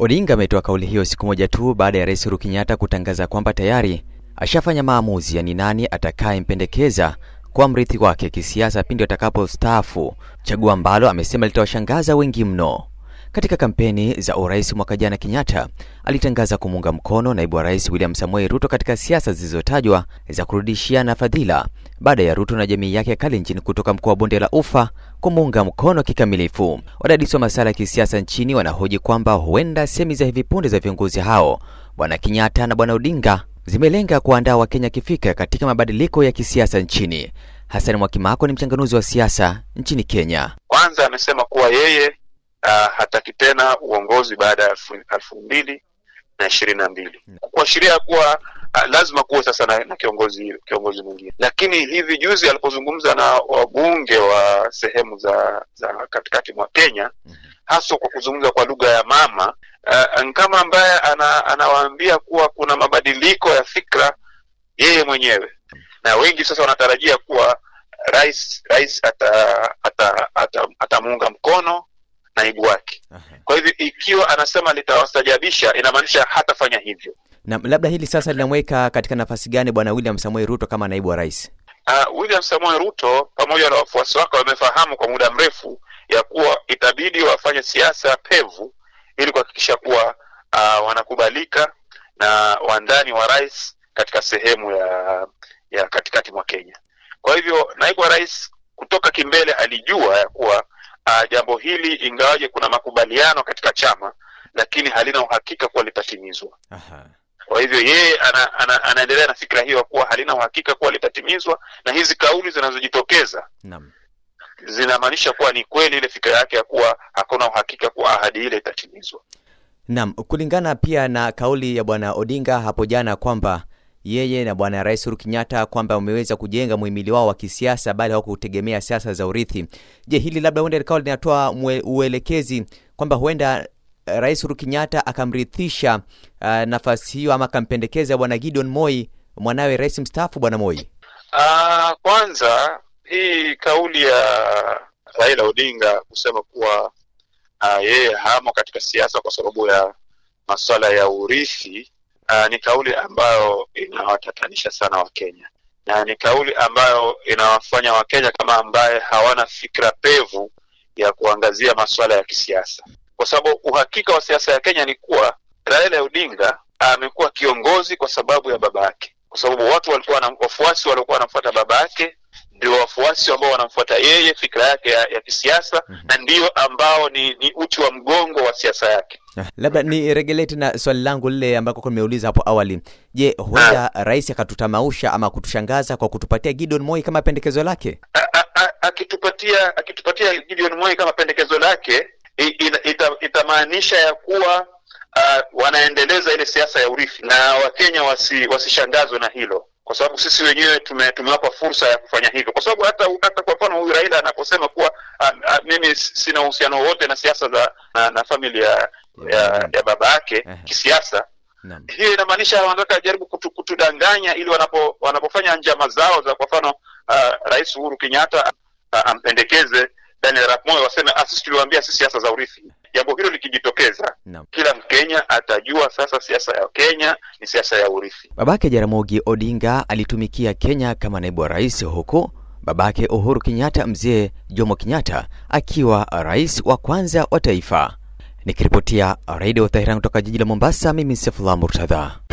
Odinga ametoa kauli hiyo siku moja tu baada ya Rais Uhuru Kenyatta kutangaza kwamba tayari ashafanya maamuzi ya ni nani atakayempendekeza kwa mrithi wake kisiasa pindi atakapostaafu, chaguo ambalo amesema litawashangaza wengi mno. Katika kampeni za urais mwaka jana, Kenyatta alitangaza kumuunga mkono naibu wa rais William Samoei Ruto katika siasa zilizotajwa za kurudishiana fadhila baada ya Ruto na jamii yake ya Kalenjin kutoka mkoa wa Bonde la Ufa kumuunga mkono kikamilifu. Wadadisi wa masala ya kisiasa nchini wanahoji kwamba huenda semi za hivi punde za viongozi hao bwana Kenyatta na bwana Odinga zimelenga kuandaa Wakenya kifika katika mabadiliko ya kisiasa nchini. Hassan Mwakimako ni mchanganuzi wa siasa nchini Kenya. Kwanza amesema kuwa yeye hataki tena uongozi baada ya elfu mbili na ishirini na mbili hmm. kuashiria kuwa a, ah, lazima kuwe sasa na, na kiongozi kiongozi mwingine. Lakini hivi juzi alipozungumza na wabunge wa sehemu za za katikati mwa Kenya hmm. haswa kwa kuzungumza kwa lugha ya mama ah, kama ambaye ana, anawaambia kuwa kuna mabadiliko ya fikra yeye mwenyewe, hmm. na wengi sasa wanatarajia kuwa rais rais atamuunga ata, ata, ata naibu wake. Kwa hivyo ikiwa anasema litawastajabisha, inamaanisha hatafanya hivyo. Na labda hili sasa linamweka katika nafasi gani bwana William samuel Ruto kama naibu wa rais? Uh, William samuel Ruto pamoja na wafuasi wake wamefahamu kwa muda mrefu ya kuwa itabidi wafanye siasa pevu ili kuhakikisha kuwa uh, wanakubalika na wandani wa rais katika sehemu ya ya katikati mwa Kenya. Kwa hivyo naibu wa rais kutoka kimbele alijua ya kuwa jambo hili ingawaje kuna makubaliano katika chama, lakini halina uhakika kuwa litatimizwa. Kwa hivyo yeye ana, ana, anaendelea na fikira hiyo kuwa halina uhakika kuwa litatimizwa, na hizi kauli zinazojitokeza zinamaanisha kuwa ni kweli ile fikira yake ya kuwa hakuna uhakika kuwa ahadi ile itatimizwa. Naam, kulingana pia na kauli ya Bwana Odinga hapo jana kwamba yeye na bwana rais huru Kenyatta kwamba wameweza kujenga muhimili wao wa kisiasa, bali hawakutegemea siasa za urithi. Je, hili labda huenda likawa linatoa uelekezi kwamba huenda eh, rais huru Kenyatta akamrithisha uh, nafasi hiyo ama akampendekeza bwana Gideon Moi, mwanawe rais mstaafu bwana Moi? Uh, kwanza hii kauli ya Raila Odinga kusema kuwa yeye uh, ah, yeye hamo katika siasa kwa sababu ya maswala ya urithi uh, ni kauli ambayo inawatatanisha sana Wakenya na ni kauli ambayo inawafanya Wakenya kama ambaye hawana fikra pevu ya kuangazia masuala ya kisiasa, kwa sababu uhakika wa siasa ya Kenya ni kuwa Raila Odinga amekuwa kiongozi kwa sababu ya baba yake, kwa sababu watu walikuwa na wafuasi waliokuwa wanafuata baba yake ndio wafuasi ambao wanamfuata yeye fikra yake ya, ya kisiasa mm -hmm. na ndio ambao ni, ni uti wa mgongo wa siasa yake ah, labda niregelee tena swali langu lile ambako nimeuliza hapo awali. Je, huenda ah. rais akatutamausha ama kutushangaza kwa kutupatia Gideon Moi kama pendekezo lake? Akitupatia akitupatia Gideon Moi kama pendekezo lake itamaanisha ita ya kuwa uh, wanaendeleza ile siasa ya urithi na Wakenya wasishangazwe wasi na hilo kwa sababu sisi wenyewe tume, tumewapa fursa ya kufanya hivyo, kwa sababu hata, hata kwa mfano huyu Raila anaposema kuwa a, a, mimi sina uhusiano wote na siasa za na, na familia ya, ya, ya baba yake kisiasa Hiyo inamaanisha wanataka jaribu kutu, kutudanganya ili wanapo, wanapofanya njama zao za kwa mfano uh, Rais Uhuru Kenyatta ampendekeze Daniel Arap Moi waseme ah, sisi tuliwaambia si siasa za urithi. Jambo hilo likijitokeza no. kila Mkenya atajua sasa siasa ya Kenya ni siasa ya urithi. Babake Jaramogi Odinga alitumikia Kenya kama naibu wa rais, huku babake Uhuru Kenyatta, mzee Jomo Kenyatta, akiwa rais wa kwanza wa taifa. Nikiripotia Radio Tehran kutoka jiji la Mombasa, mimi Sefula Murtadha.